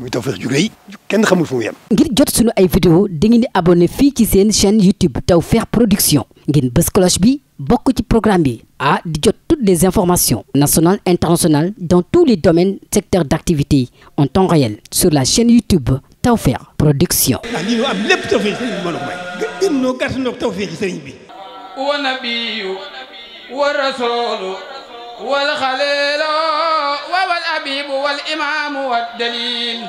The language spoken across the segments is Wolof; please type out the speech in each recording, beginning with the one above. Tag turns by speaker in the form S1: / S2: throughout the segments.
S1: muy
S2: Tawfekh ju rëy kenn xamul fu mu
S1: ngir jot sunu ay vidéo dangeen di abonné fii ci seen chaîne YouTube Tawfekh Production ngeen bës cloche bi bokk ci programme bi ah di jot toutes les informations nationales internationales dans tous les domaines secteurs d'activité en temps réel sur la chaîne YouTube Tawfekh Production.
S2: ah lii am lépp Tawfekh sëriñ bi mbooloo mooy. gën noo
S3: gàtt noo bi. wa nabiyyu wa wal xaliil والأبيب والإمام والدليل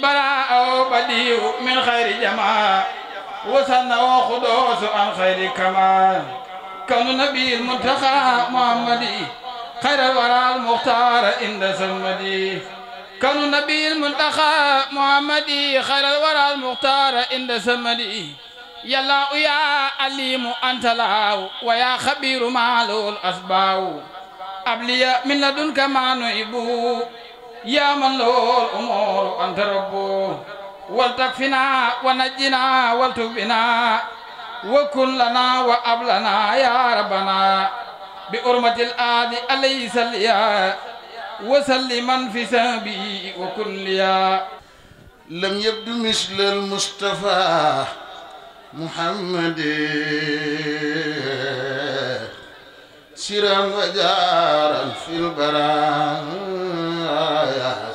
S3: براء بديع من خير جماع وسنة وخدوس عن خير كمال كان نبي المنتقى محمدي خير الورى المختار عند سمدي كان نبي المنتقى محمدي خير الورى المختار عند سمدي يلا يا عليم أنت لاو ويا خبير معلول أسباو أبليا من لدنك ما نعيبو يا من له الأمور أنت ربه والتكفنا ونجنا والتبنا وكن لنا وأبلنا يا ربنا بأرمة الآد عليه سليا وسلما في سبي وكن ليا لم يبدو مثل المصطفى محمد سرا وجارا في البرايا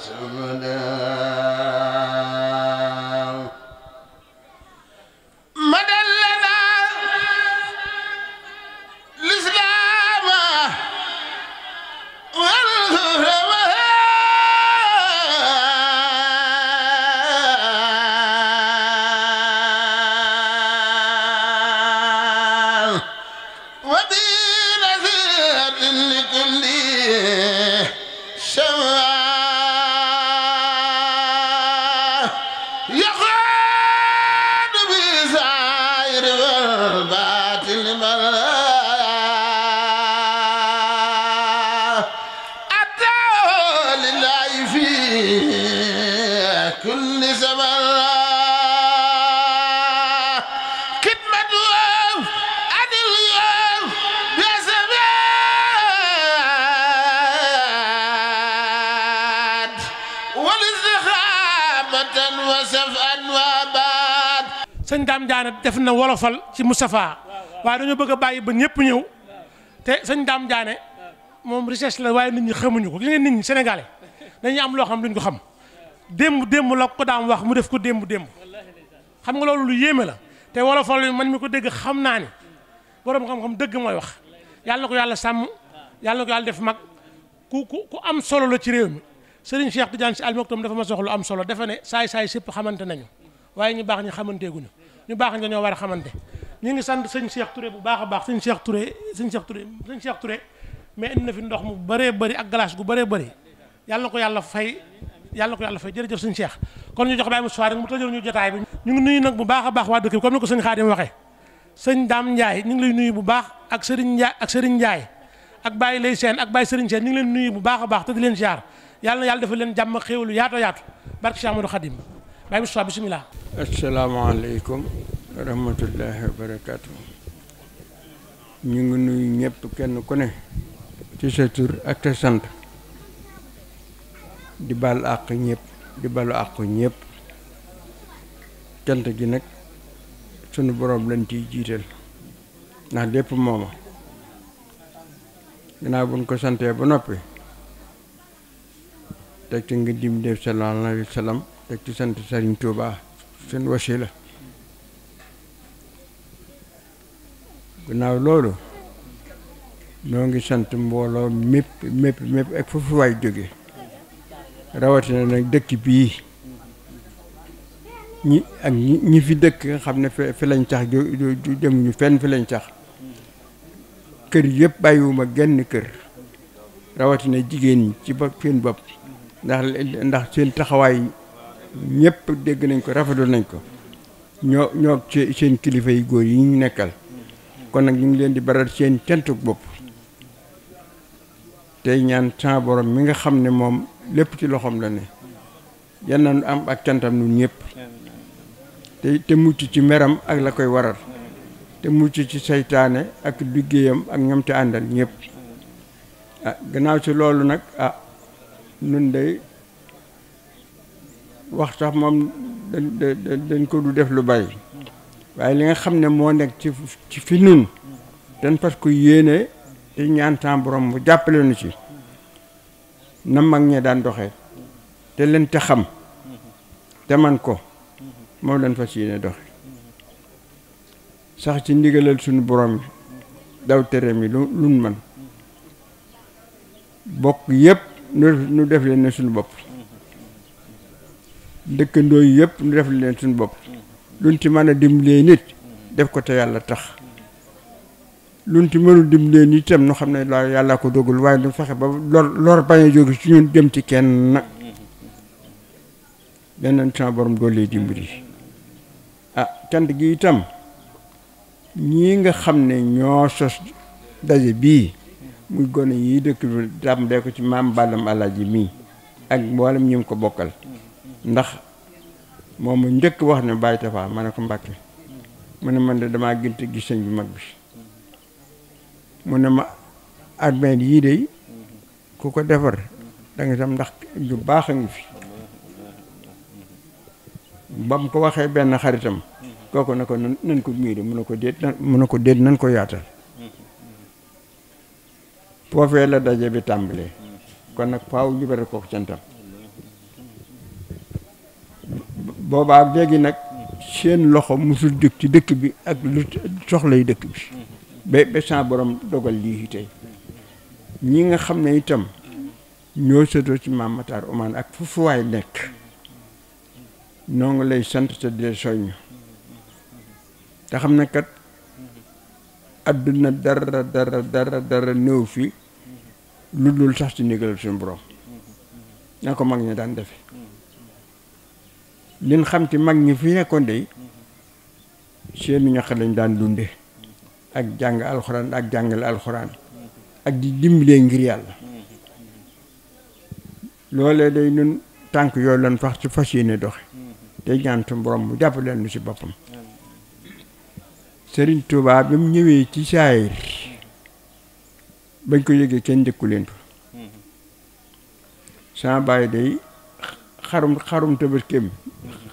S4: woyofal ci Moustapha waaye dañoo bëgg a bàyyi ba ñëpp ñëw te sëñ Dame Diané moom recherche la waaye nit ñi xamuñu ko gis nit ñi sénégalais dañuy am loo xam duñ ko xam démb démb la ko daam wax mu def ko démb démb xam nga loolu lu yéeme la te wolofal yi man mi ko dégg xam naa ni borom xam-xam dëgg mooy wax yàlla na ko yàlla sàmm yàlla na ko yàlla def mag ku ku am solo la ci réew mi Serigne Cheikh Tidiane Sy Al Maktoum dafa ma soxlu am solo defe ne saay saay sépp xamante nañu waaye ñu baax ñu xamanteeguñu ñu baax ñi dañoo war a xamante ñu ngi sant sëñ Cheikh Touré bu baax a baax sëñ Cheikh Touré sëñ Cheikh Touré sëñ Cheikh Touré mais indi fi ndox mu bëree bëri ak glace gu bëree bëri yàlla ko yàlla fay yàlla na ko yàlla fay jërëjëf sëñ Cheikh kon ñu jox Baye Moussa rek mu tëjal ñu jotaay ñu ngi nuyu nag bu baax baax waa dëkk bi comme ni ko sëñ Xaadim waxee sëñ Daam Ndiaye ñu ngi lay nuyu bu baax ak sëriñ Ndiaye ak Serigne Ndiaye ak Baye Lay Seen ak Baye Serigne Seen ñu ngi leen nuyu bu baax a baax te leen ziar yàlla na yàlla defal leen jàmm lu yaato yaatu barke Cheikh Amadou Khadim Baye Moustapha bisimilah.
S5: asalaamaaleykum wa rahmatullahi wa barakaatu. ñu ngi nuyu ñëpp kenn ku ne. ci sa tur ak sa sant. di baal àq ñëpp. di balu àq ñëpp. cant gi nag sunu boroom lañ ciy jiital. ndax lépp mooma. ginnaaw buñ ko santee ba noppi. teg ci nga dim def sallallahu alayhi wa sallam teg ci sant Sëriñ Tuuba seen la gannaaw loolu ñoo ngi sant mbooloo mépp mépp ak foofu waay jóge rawatina nag dëkk bii ñi ak ñi fi dëkk xam ne fi lañ tax dem ñu fenn fi lañ tax kër yëpp bàyyiwuma genn kër rawatina jigéen ñi ci ba seen bopp ndax ndax seen taxawaay ñëpp dégg nañ ko rafetlu nañ ko ñoo ñoo seen kilifa yi góor yi ñu nekkal kon nag ñu ngi leen di baral seen cantu bopp tey ñaan sa borom mi nga xam ne moom lépp ci loxoom la ne yan nañu am ak cantam nun ñëpp te te mucc ci meram ak la koy waral te mucc ci saytaane ak liggéeyam ak ñoom ci àndal ñépp ah gannaaw si loolu nag ah nun day wax sax moom dañ ko du def lu bari waaye li nga xam ne moo nekk ci ci fi nun dañ parce que yéene te ñaan tam borom mu jàppale nu ci na mag ñee daan doxee te leen te xam te man ko moom lañ fas yéene doxe sax ci ndigalal sunu borom yi daw tere mi lu luñ man bokk yëpp nu def leen ne suñu bopp dëkkandoo yëpp ñu def leen suñu bopp luñ ci mën a dimbalee nit def ko te yàlla tax luñ ci mënul dimbalee nit itam ñu xam ne la yàllaa ko dogul waaye ñu fexe ba lor lor bañ a jóge ci ñun jëm ci kenn beneen temps borom doole dimbali ah cant gi tam ñii nga xam ne ñoo sos daje bii muy gone yii dëkk bi tàmbalee ko ci maam Ballam yi mii ak mboolem ñu ko bokkal. ndax moom njëkk wax ne bàyyi tafaa ma ne ko mbàkke mu ne man damaa gént gis sëñ bi mag mu ne ma armeel yii de ku ko defar da nga ndax ju baax a ngi fi ba mu ko waxee benn xaritam kooku na ko nan ko miiri mu ne ko déet mu ne ko déet nan ko yaatal foofee la daje bi tàmbalee kon nag faaw libéré ko cantam boobaak léegi nag seen loxo musul dëkk ci dëkk bi ak lu soxlay dëkk bi ba ba borom dogal lii tey ñi nga xam ne itam ñoo sëtoo ci maam Matar Oman ak fufuwaay waay nekk noo lay sant te dee soññ te xam ne kat adduna dara dara dara dara néew fi lu dul sax ci ndigal suñu borom na ko mag ñi daan defe liñ xam ci mag ñi fi nekkoon de seeni ñax lañ daan dunde ak jàng alxuraan ak jàngale alxuraan ak di dimbalee ngir yàlla loolee day nun tànk yooyu lan fax ci fas yéene doxe te ñaan borom mu jàpp leen nu ci boppam Sëriñ Tuubaa bi mu ñëwee ci saayir bañ ko yëgee kenn njëkku leen fa sama bàyyi day xarum xarum tëbaskeem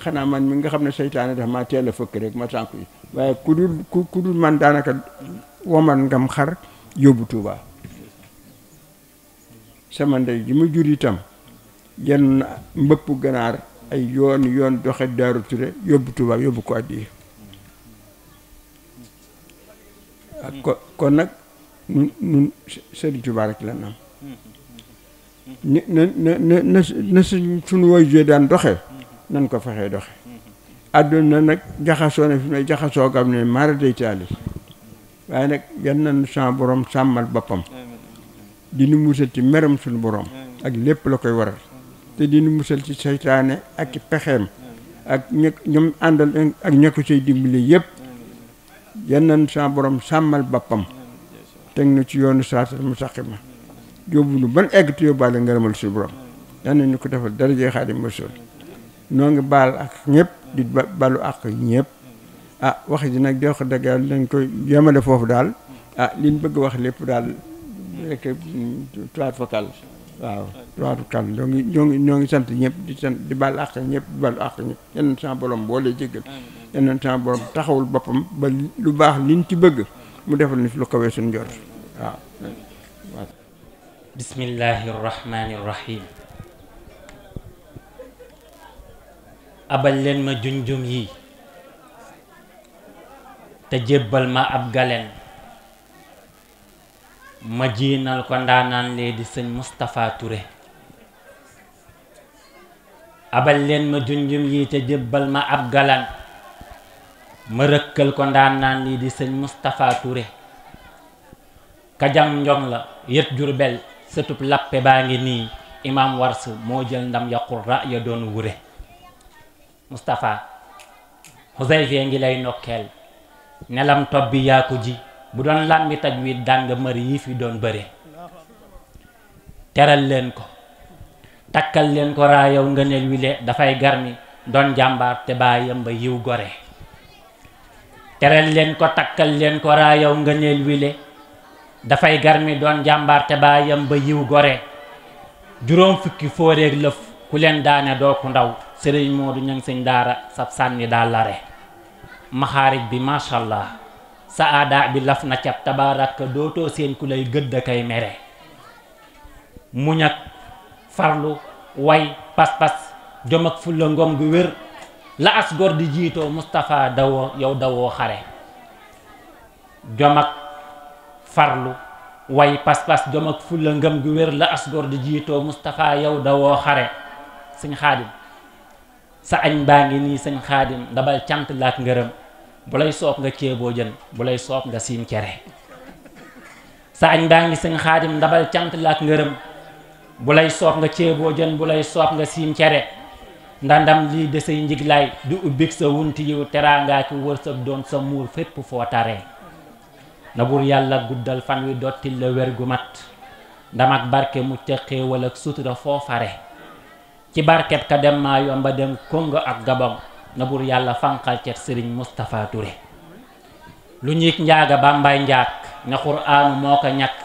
S5: xanaa man mi nga xam ne seytaane daf maa teel a fëkk rek ma sànq yi waaye ku dul ku dul man daanaka woman ngam xar yóbbu Tuuba sama ndey ji ma jur itam yenn mbëpp ganaar ay yoon yoon doxe daaru ture yóbbu Tuuba yóbbu ko addi kon nag nun Sëriñ Tuuba rek la nam ni na na na na suñ suñu waajur daan doxee nan ko fexee doxe àdduna nag jaxasoo na fi may jaxasoo gam ne maara day taali waaye nag yan nañu sa borom sàmmal boppam di nu musal ci meram suñu borom ak lépp la koy waral te di nu ci seytaane ak pexeem ak ña ñoom àndal ak ña ko say dimbali yëpp yan nañu sa borom sàmmal bappam teg ci yoonu saatal mu saqi ma yóbbu nu ban egg te yóbbaale ngërëmal suñu borom yal na ni ko defal daraje Xaadim Rasuul noo ngi baal ak ñëpp di balu ak ñëpp ah wax ji nag jox dëgg yàlla dañ koy yemale foofu daal ah li ñu bëgg wax lépp daal rek trois vocal waaw trois vocal ñoo ngi ngi ñoo ngi sant ñëpp di sant di baal ak ñëpp di balu ak ñëpp yeneen sama borom boole jéggal yeneen sama borom taxawul boppam ba lu baax liñ ci bëgg mu defal ni lu kawee suñ njort waaw
S1: bismillahi irrahmani irrahim abal leen ma junjum yi te jébbal ma ab galeen ma jiinal ko ndaanaan lee di sëñ Moustapha Touré abal leen ma junjum yi te jébbal ma ab galan ma rëkkal ko ndaanaan lii di sëñ Moustapha Touré kajam njong la yët Jurbel sëtub lappe baa ngi nii imaam wars moo jël ndam yaqul ra ya doon wure Moustapha Xusayfe ngi lay nokkeel nelam tob bi yaa ji bu doon làmbi taj wi dàng mër yi fi doon bëre teral leen ko takkal leen ko raayaw ngëneel wile dafay garmi doon jàmbaar te baa yëmba yiw gore teral leen ko takkal leen ko raayaw ngëneel wile dafay garmi doon jàmbaar te ba yiw gore juróom fukki fóoreeg lëf ku leen daane doo ku ndaw sëriñ Moodu ñang sëñ daara sab sànni daal la bi macha allah sa aadaa bi laf na cab tabaaraka dootoo seen ku lay gëdd kay mere muñ ak farlu way pas-pas jom ak fulla ngom gu wér la as gor di jiitoo Moustapha dawoo yow dawoo xare jom ak farlu way pas-pas jom ak fulla ngëm gu wér la asgor di jiitoo Moustapha yow dawoo xare sëñ xaadim sa añ baa ngi nii sëñ xaadim dabal cant laak ngërëm bu lay soob nga ceeboo jën bu lay soob nga siim cere sa añ ngi sëñ xaadim ndabal cant ngërëm bu lay soob nga jën bu soob nga siim cere ndandam lii de say njiglaay du ubbik sa wunti yiw teraangaa ki wërsëg doon sa muur fépp foo taree na buur yàlla guddal fan wi dottil la wér gu mat ndam barke mu teqee wala sutura foo fare ci barkeb ka dem maa yomba dem Congo ak Gabon na buur yàlla fanqal ceeb Serigne Moustapha Touré lu ñiig njaaga bàmbaay njaag ne xuraanu moo ko ñàkk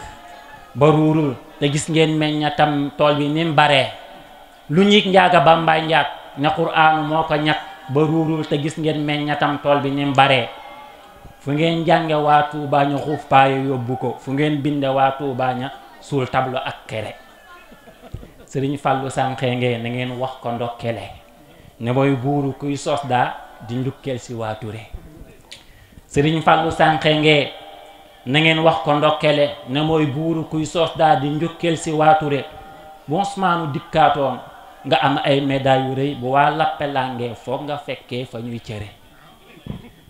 S1: ba ruurul te gis ngeen meññatam tool bi ni mu lu ñiig njaaga bàmbaay njaag ne xuraanu moo ko ñàkk ba ruurul te gis ngeen meññatam tool bi ni mu fu ngeen jànge waa Touba ña xuuf paaya yóbbu ko fu ngeen binde waa Touba ña suul tablo ak kere sëriñ Fàllu sànqee ngee na ngeen wax ko ndokkele ne mooy buuru kuy sos daa di njukkeel si waa Touré sëriñ ngeen wax ko ndokkele ne mooy buuru kuy sos daa di njukkeel si waa Touré dikkaatoon nga am ay médailles yu rëy bu waa lappelangee foog nga fekkee fa ñuy cere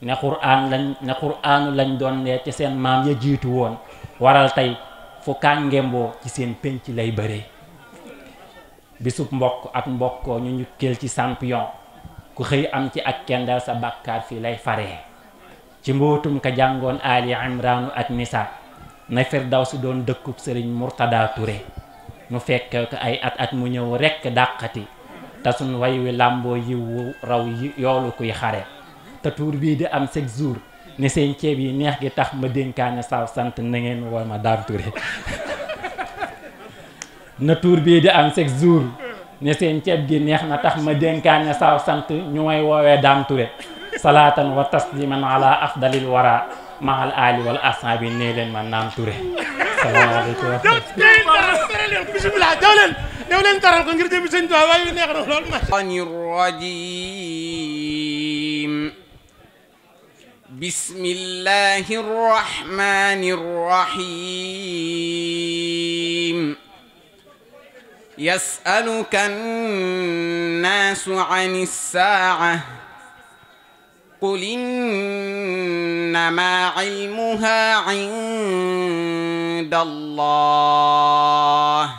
S1: ne quraan lañ ne quraanu doon ne ci seen maam ya jiitu woon waral tey fu kàngemboo ci seen penc lay bëree bisub mbokk ak mbokkoo ñu ñukkeel ci champion ku xëy am ci ak kendal sa bàkkaar fii lay fare ci mbootum ka jàngoon ali imraanu ak misaal na firdaw si doon dëkku sëriñ murtada ture mu fekke ko ay at at mu ñëw rekk dàqati te suñ way wi làmboo yiwu raw yoolu kuy xare te tuur bii di am chaque jour ne seen ceeb yi neex gi tax ma dénkaane saw sant nangeen ngeen woo ma Dame Touré na tuur bii di am chaque jour ne seen ceeb gi neex na tax ma dénkaane saw sant ñu may woowee Dame Touré salaatan wa tasliman ala afdalil wara mahal ali wal asaabi nee leen ma naam Touré salaamaaleykum
S3: bismillah daw leen daw ko ngir jëmi sëñ Tuubaa waaye neex na lool ma بسم الله الرحمن الرحيم يسألك الناس عن الساعة قل إنما علمها عند الله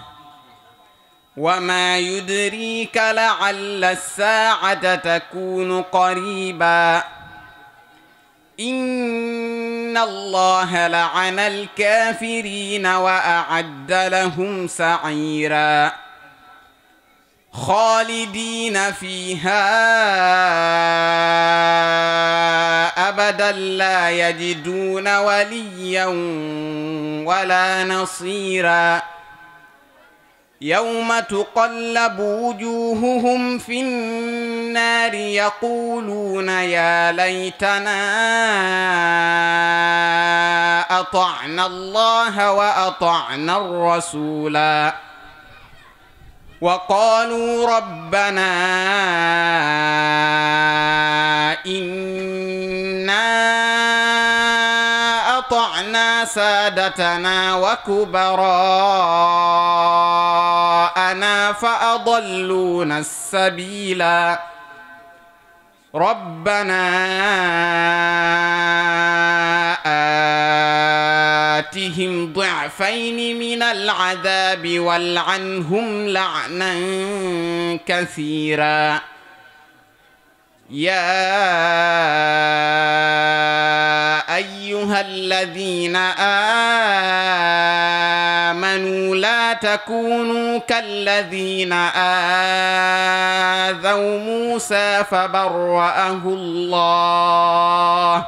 S3: وما يدريك لعل الساعة تكون قريباً إن الله لعن الكافرين وأعد لهم سعيرا خالدين فيها أبدا لا يجدون وليا ولا نصيرا يوم تقلب وجوههم في النار يقولون يا ليتنا أطعنا الله وأطعنا الرسولا وقالوا ربنا إنا أطعنا سادتنا وكبراءنا فأضلونا السبيلا ربنا آتهم ضعفين من العذاب والعنهم لعنا كثيرا يا أيها الذين آمنوا لا تكونوا كالذين آذوا موسى فبرأه الله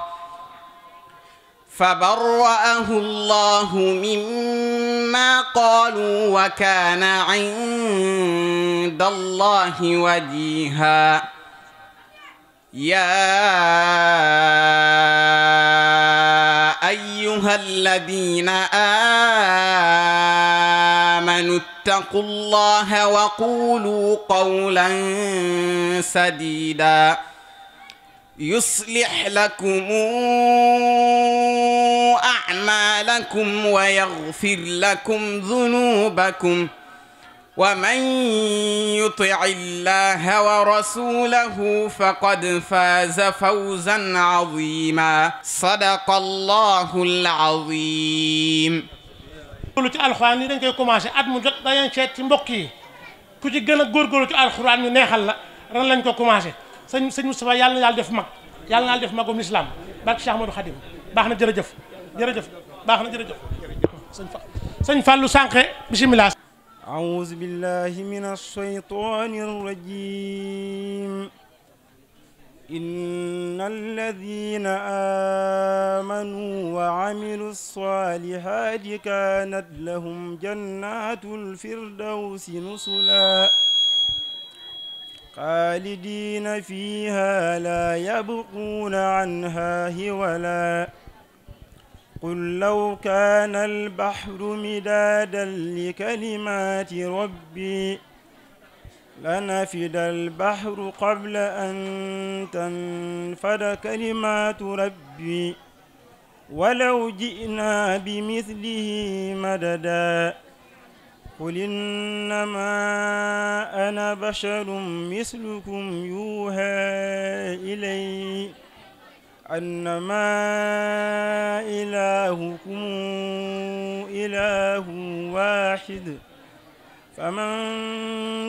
S3: فبرأه الله مما قالوا وكان عند الله وجيها يا أيها الذين آمنوا اتقوا الله وقولوا قولا سديدا يصلح لكم أعمالكم ويغفر لكم ذنوبكم ۖ ومن يطع الله ورسوله فقد فاز فوزا عظيما صدق الله العظيم góorgóorlu ci alxuraan yi dañ koy commencé at mu
S4: jot dañuy seet ci mbokk yi ku ci gën a góorgóorlu ci alxuraan ñu neexal la ran lañ ko commencé sëñ sëñ Moustapha yàlla na yàlla def mag yàlla na yàlla def magum lislaam barke Cheikh Ahmadou Khadim baax na
S6: jërëjëf jërëjëf baax na jërëjëf sëñ Fallou Sànqe bisimilah أعوذ بالله من الشيطان الرجيم إن الذين آمنوا وعملوا الصالحات كانت لهم جنات الفردوس نسلا خالدين فيها لا يبقون عنها هولا قل لو كان البحر مدادا لكلمات ربي لنفد البحر قبل أن تنفد كلمات ربي ولو جئنا بمثله مددا قل إنما أنا بشر مثلكم يوحى إليّ أنما إلهكم إله واحد فمن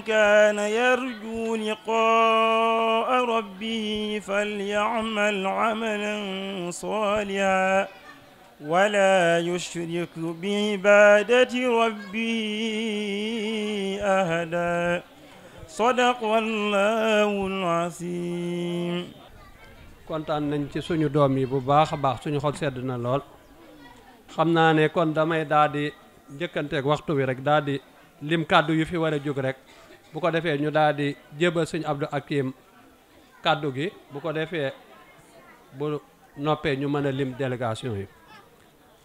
S6: كان يرجو لقاء ربه فليعمل عملا صالحا ولا يشرك بعبادة ربه
S7: أحدا صدق الله العظيم kontaan nañ ci suñu doom yi bu baax a baax suñu xol sedd na lool xam naa ne kon damay daal di njëkkanteeg waxtu wi rek daal di lim kàddu yu fi war a jóg rek bu ko defee ñu daal di jébal sëñ Abdou Akim kàddu gi bu ko defee bu noppee ñu mën a lim délégation yi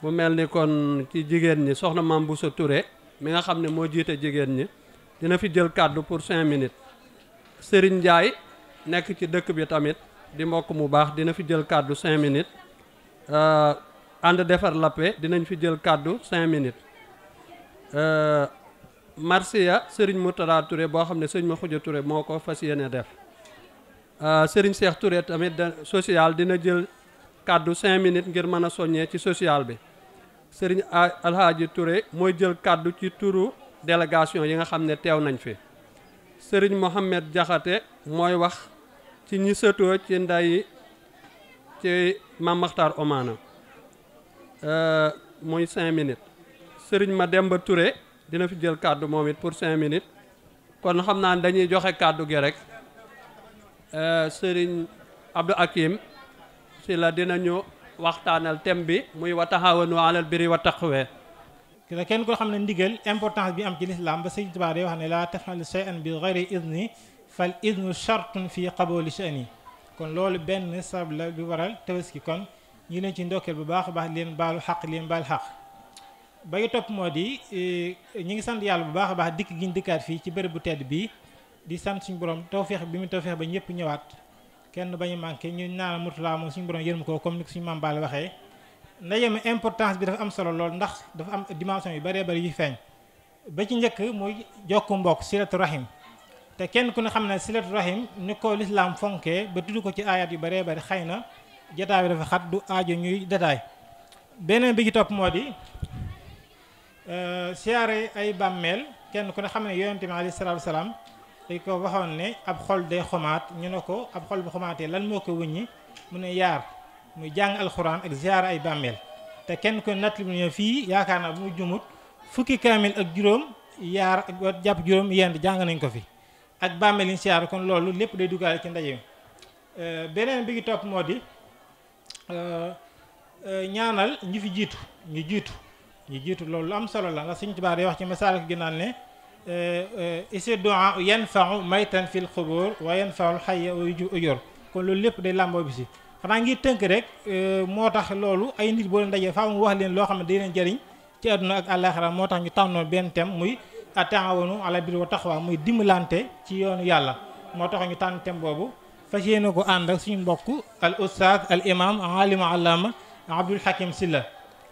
S7: bu mel ni kon ci jigéen ñi soxna Mame Bousso Touré mi nga xam ne moo jiite jigéen ñi dina fi jël kàddu pour cinq minutes Serigne Ndiaye nekk ci dëkk bi tamit di mbokk mu baax dina fi jël kàddu cinq minutes euh, ànd defar lappe dinañ fi jël kàddu cinq minutes euh, marsiya Serigne Moutara Touré boo xam ne sëñ ma xuja Touré moo ko fas yéene def euh, Serigne Cheikh Touré tamit social dina jël kàddu cinq minutes ngir mën a soññee ci social bi Serigne Alhaaji Touré mooy jël kàddu ci turu délégation yi nga xam ne teew nañ fi Serigne Mohamed Jaxate mooy wax ci ñi sëtoo ci nday ci Mame Makhtar Omana euh, muy cinq minutes Serigne Mademba Touré dina fi jël kàddu moom it pour cinq minutes kon xam naa ne dañuy joxe kàddu gi rek euh, Serigne Abdou Hakim si la dina ñu waxtaanal thème bi muy wa taxawanu alal birri wa taqwa kenn ko xam ne ndigal importance bi am ci
S8: lislaam ba Sëriñ Tuubaa day wax ne laa taf'alu shay'an bi ghayri idni fal idnu chartun fi qaboli shani kon loolu benn sabab la bi waral tabaski kon ñu leen ci ndokkeel bu baax a baax leen baalu xaq leen baal xaq ba ngi topp moo di eh, ñu ngi sant yàlla bu baax baax dikk gi ñu fii ci bërëb bu tedd bi di sant suñu borom feex bi mu too tawféex ba ñëpp ñëwaat kenn bañu manqué ñu naan murtala moom suñu borom yërëm ko comme ni ko suñu maam Baal waxee ndaje mi importance bi dafa am solo lool ndax dafa am dimension yu bëree bëri yu feeñ ba ci njëkk muy jokku mbokk siratu rahim te kenn ku ne xam ne silatu rahim ni ko lislaam fonkee ba tudd ko ci ayat yu baree bari xëy na jotaay bi xat du aajo ñuy détaay beneen bi ci topp moo di euh, siyaare ay bàmmeel kenn ku ne xam ne yonente bi alayhi salaatu wasalaam dañ ko waxoon ne ab xol day xomaat ñu ne ko ab xol bu xomaatee lan moo ko wuññi yaar muy jàng ak siyaare bàmmeel te kenn ku ne fii yaakaar naa bu mu jumut fukki kaamil ak juróom yaar ak jàpp juróom yend jàng nañ ko fi ak bàmmeel yi kon loolu lépp day duggaale ci ndaje mi euh, beneen bi gi topp moo di euh, euh, ñaanal ñi fi jiitu ñu jiitu ñu jiitu loolu lu am solo la ndax Sëriñ Tuubaa day wax ci Masaalikul Jinaan ne isi doa yanfau maytan fil xubur wa yanfaul xayya wa yuju ujur kon loolu lépp day làmboo bi si xanaa ngir tënk rek moo tax loolu ay nit boo leen dajee faaw mu wax leen loo xam ne day leen jëriñ ci àdduna ak àllaaxira moo tax ñu tànnoon benn thème muy ataawanu ala bir wa taxawaa muy dimbalante ci yoonu yàlla moo tax ñu tànn thème boobu fas yéene ko ànd ak suñu mbokk al ustaaz al imam alima allama abdul hakim silla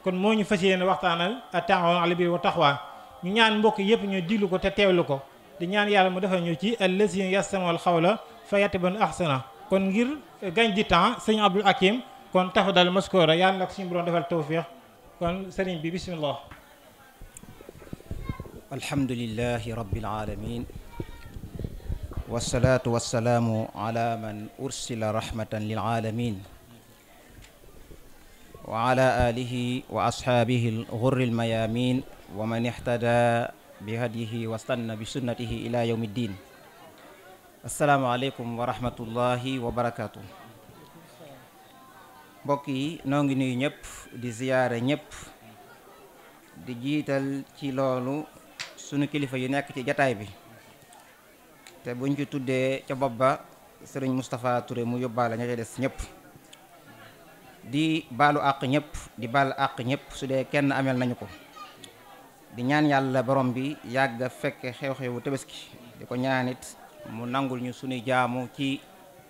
S8: kon moo ñu fas yéene waxtaanal ataawanu ala bir wa taxawaa ñu ñaan mbokk yépp ñu diglu ko te teewlu ko di ñaan yàlla mu defal ñu ci allazina la al-qawla fayattabi'una ahsana kon ngir gañ di temps sëñ abdul hakim kon tax tafadal maskoora yàlla nag suñu borom defal tawfiq
S9: alhamdulilahi rabbil alamin wasalaatu wasalaamu ala man ursila rahmatan lil alamin wa ala alihi wa ashaabihi alghurri almayamin wa man ihtada bi hadiyihi wa stanna bi sunnatihi ila yawmi ddin assalaamu aleykum wa rahmatullahi wa barakatuh mbokk yi noo ngi nuyu ñëpp di ziyaare ñëpp di jiital ci loolu sunu kilifa yi nekk ci jataay bi te buñ ci tuddee ca bopp ba sëriñ Moustapha ture mu yóbbaale ña ca des ñëpp di baalu àq ñëpp di baal àq ñëpp su dee kenn ameel nañu ko di ñaan yàlla borom bi yàgg a fekke xew-xewu tabaski di ko ñaanit mu nangul ñu suñu jaamu ci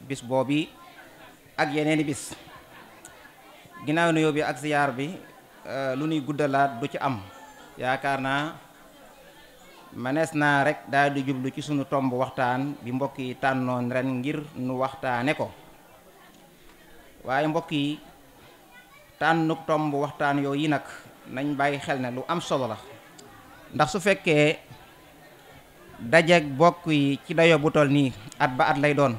S9: bis boobu ak yeneen yeneeni bis ginnaaw nuyoo bi ak ziyaar bi euh, lu nuy guddalaat du ci am yaakaar naa mënees naa rekk daldi jublu ci sunu tomb waxtaan bi mbokk yi tànnoon ren ngir nu waxtaane ko waaye mbokk yi tànnuk tomb waxtaan yooyu nag nañ bàyyi xel ne lu am solo la ndax su fekkee dajeeg bokk yi ci dayo bu tol nii at ba at lay doon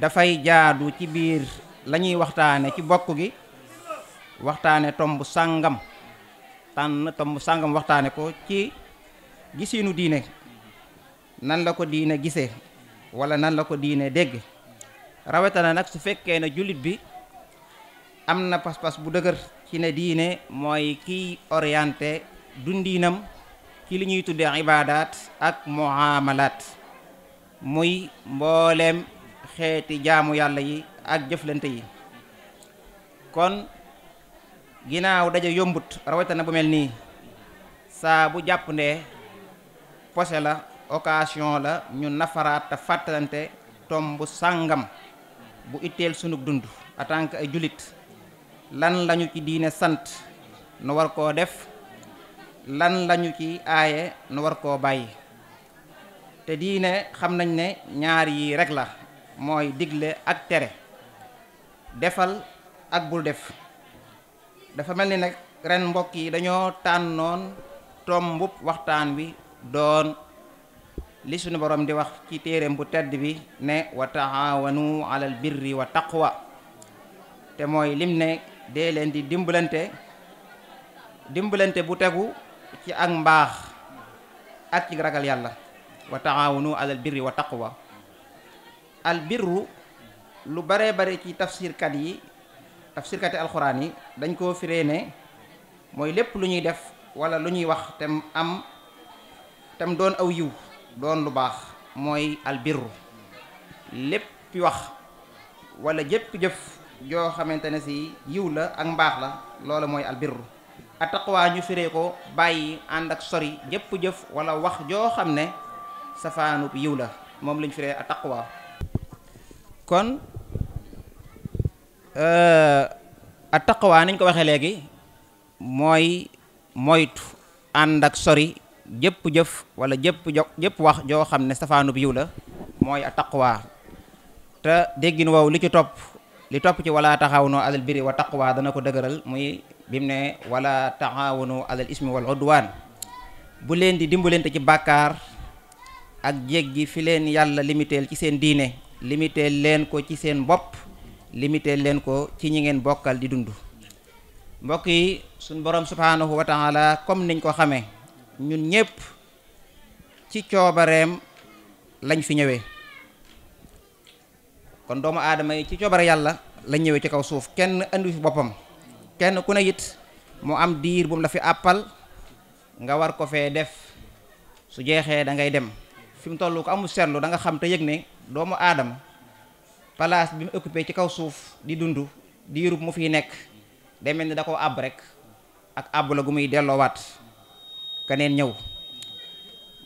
S9: dafay jaadu ci biir lañuy ñuy waxtaane ci bokk gi waxtaane tomb sàngam tànn tam sàngam waxtaane ko ci gisinu diine nan la ko diine gisee wala nan la ko diine dégg rawatina nag su fekkee ne jullit bi am na pas-pas bu dëgër ci ne diine mooy kiy orienté dundiinam ci li ñuy tuddee ibaadaat ak muamalaat muy mbooleem xeeti jaamu yàlla yi ak jëflante yi kon ginnaaw daje yombut rawatina bu mel nii saa bu jàpp ndee pose la occasion la ñu nafaraat te fàttalante tomb sàngam bu itteel sunug dund en tant ay jullit lan lañu ci diine sant nu war koo def lan lañu ci aaye nu war koo bàyyi te diine xam nañ ne ñaar yi rek la mooy digle ak tere defal ak bul def dafa mel ni nag ren mbokk yi dañoo tànnoon tombub waxtaan wi doon li sunu boroom di wax ci téereem bu tedd bi ne wa taawanu alal birri wa taqwa te mooy lim ne dee leen di dimbalante dimbalante bu tegu ci ak mbaax ak ci ragal yàlla wa taawanu alal birri wa taqwa al birru lu bare bare ci tafsirkat yi tafsirkati alxuraan yi dañ koo firee ne mooy lépp lu ñuy def wala lu ñuy wax te am tam doon aw yiw doon lu baax mooy albirru lépp wax wala jëpp jëf joo xamante ne si yiw la ak mbaax la loola mooy albirru attaqwa ñu firee ko bàyyi ànd ak sori jëpp jëf wala wax joo xam ne safaanub yiw la moom lañ firee attaqwa kon Euh, ak taqawaa niñ ko waxee léegi mooy moytu ànd ak sori jëpp jëf wala jëpp jo jëpp wax joo xam ne safaanub yiw la mooy ak taqawaa te déggin woow li ci topp li topp ci wala taxaawunoo alal birri wa taqwa dana ko dëgëral muy bi mu ne wala taxaawunoo alal ismi wal udwaan bu leen di dimbalante ci bàkkaar ak jéggi fi leen yàlla limiteel ci seen diine limiteel leen ko ci seen bopp limité leen ko ci ñi ngeen bokkal di dund mbokk yi suñ borom subhaanahu wa taala comme niñ ko xamee ñun ñépp ci coobareem lañ fi ñëwee kon doomu aadama yi ci coobare yàlla lañ ñëwee ci kaw suuf kenn indi fi boppam kenn ku ne it mu am diir bu mu la fi àppal nga war ko fee def su jeexee da ngay dem fi mu toll ko amul seetlu da nga xam te yëg ne doomu aadama place bi mu occupé ci kaw suuf di dund diirub mu fiy nekk day mel ni da koo àbb rekk ak àbb la gu muy delloowaat keneen ñëw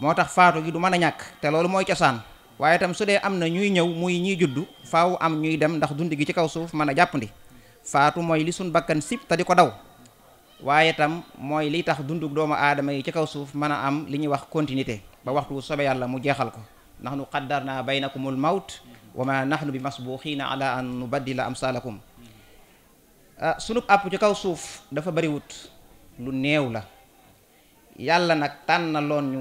S9: moo tax faatu gi du mën a ñàkk te loolu mooy cosaan waaye tam su dee am na ñuy ñëw muy ñiy juddu faaw am ñuy dem ndax dund gi ci kaw suuf mën a jàppandi faatu mooy li suñ bakkan sib te di ko daw waaye itam mooy liy tax dundu doomu aadama yi ci kaw suuf mën a am li ñuy wax continuité ba waxtu sobe yàlla mu jeexal ko ndax nu xaddar naa wa ma nahnu bi mas boo masbuuxiina ala an nubaddila amsaalakum ah sunub àpp ci kaw suuf dafa bariwut lu néew la yàlla nag tànnaloon ñu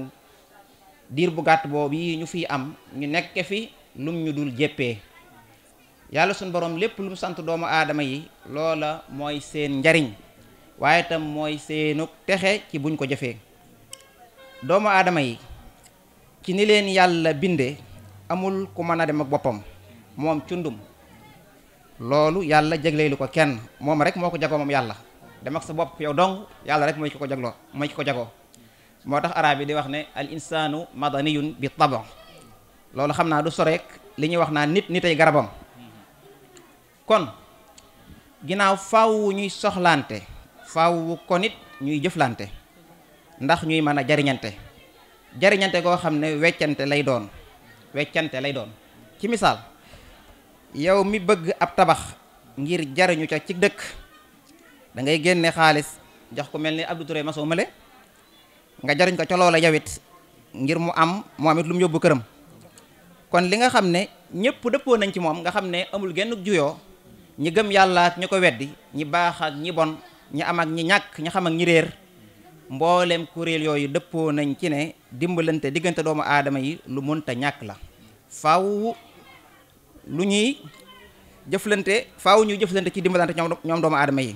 S9: diir bu gàtt boobu yi ñu fiy am ñu nekke fi lum ñu dul jéppee yàlla suñu boroom lépp lu sant doomu aadama yi loola mooy seen njariñ waaye tam mooy seenu texe ci buñ ko jëfee doomu aadama yi ci ni leen yàlla binde amul ku mën a dem ak boppam moom cundum loolu yàlla jagleelu ko kenn moom rek moo ko jagoo moom yàlla dem ak sa bopp yow dong yàlla rek mooy ki ko jagloo mooy ko jagoo moo tax arab yi di wax ne al insanu madaniyun bi tabon loolu xam naa du soreek li ñuy wax naa nit nitay garabam kon ginnaaw faaw ñuy soxlaante faaw ko nit ñuy jëflante ndax ñuy mën a jariñante jariñante koo xam ne weccante lay doon weccante lay doon ci misaal yow mi bëgg ab tabax ngir jariñu ca cig dëkk dangay ngay génne xaalis jox ko mel ni Abdou Touré maçon male nga jariñ ko ca loola yow ngir mu am moom it lu mu yóbbu këram kon li nga xam ne ñëpp dëppoo nañ ci moom nga xam ne amul genn juyoo ñi gëm yàlla ak ñi ko weddi ñi baax ak ñi bon ñi am ak ñi ñàkk ñi xam ak ñi réer mboolem kuréel yooyu dëppoo nañ ci ne dimbalante diggante doomu aadama yi lu mënta ñàkk la faw lu ñuy jëflante faaw ñuy jëflante ci dimbalante ñoom doomu aadama yi